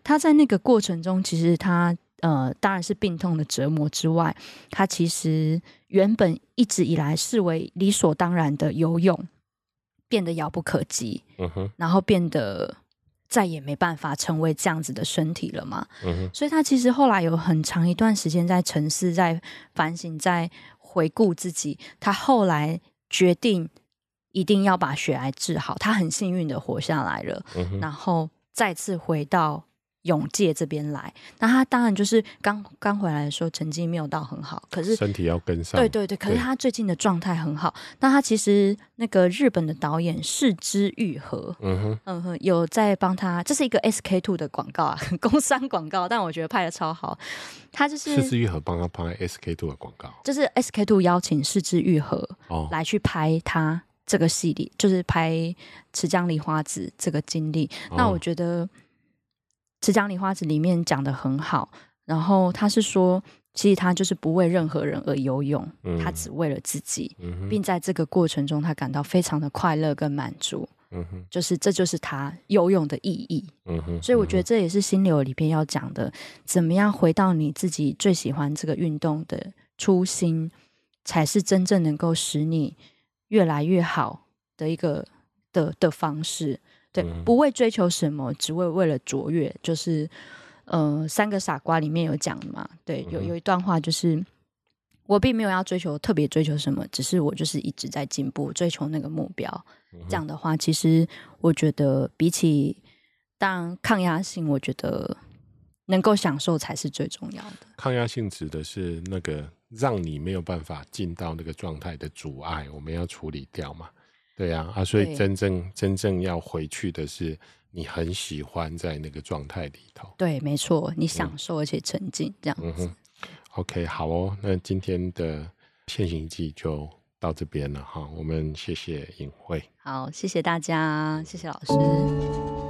他在那個過程中，其實他。呃，當然是病痛的折磨之外，他其實原本一直以來視為理所當然的游泳，變得遙不可及，嗯哼，然後變得再也沒辦法成為這樣子的身體了嘛，嗯哼，所以他其實後來有很長一段時間在沉思、在反省、在回顧自己，他後來決定一定要把血癌治好，他很幸運的活下來了、嗯哼，然後再次回到。永界這邊來，那他當然就是剛剛回來的時候，成績沒有到很好，可是身體要跟上。對對對，可是他最近的狀態很好。那他其實那個日本的導演是枝裕和，嗯哼，嗯、呃、哼，有在幫他，這是一個 SK Two 的廣告啊，工商廣告，但我覺得拍得超好。他就是是枝裕和幫他拍 SK Two 的廣告，就是 SK Two 邀請是枝裕和哦來去拍他這個系列，哦，就是拍池江璃花子這個經歷，哦。那我覺得。《池江璃花子裡面講得很好，然後他是說，其實他就是不為任何人而游泳，他只為了自己，嗯哼，並在這個過程中，他感到非常的快樂跟滿足。嗯哼，就是這就是他游泳的意義。嗯哼，所以我覺得這也是心流裡邊要講的，怎麼樣回到你自己最喜歡這個運動的初心，才是真正能夠使你越來越好的一個的的方式。對，不為追求什麼，只為為了卓越。就是，呃，三個傻瓜裡面有講嘛？對，有有一段話就是，我並沒有要追求特別追求什麼，只是我就是一直在進步，追求那個目標。這樣的話，其實我覺得比起當然抗壓性，我覺得能夠享受才是最重要的。抗壓性指的是那個讓你沒有辦法進到那個狀態的阻礙，我們要處理掉嘛。對呀、啊，啊，所以真正真正要回去的是，你很喜歡在那個狀態裡頭。對，沒錯，你享受而且沉浸、嗯、這樣子、嗯哼。OK，好哦，那今天的現形記就到這邊了哈，我們謝謝穎慧。好，謝謝大家，謝謝老師。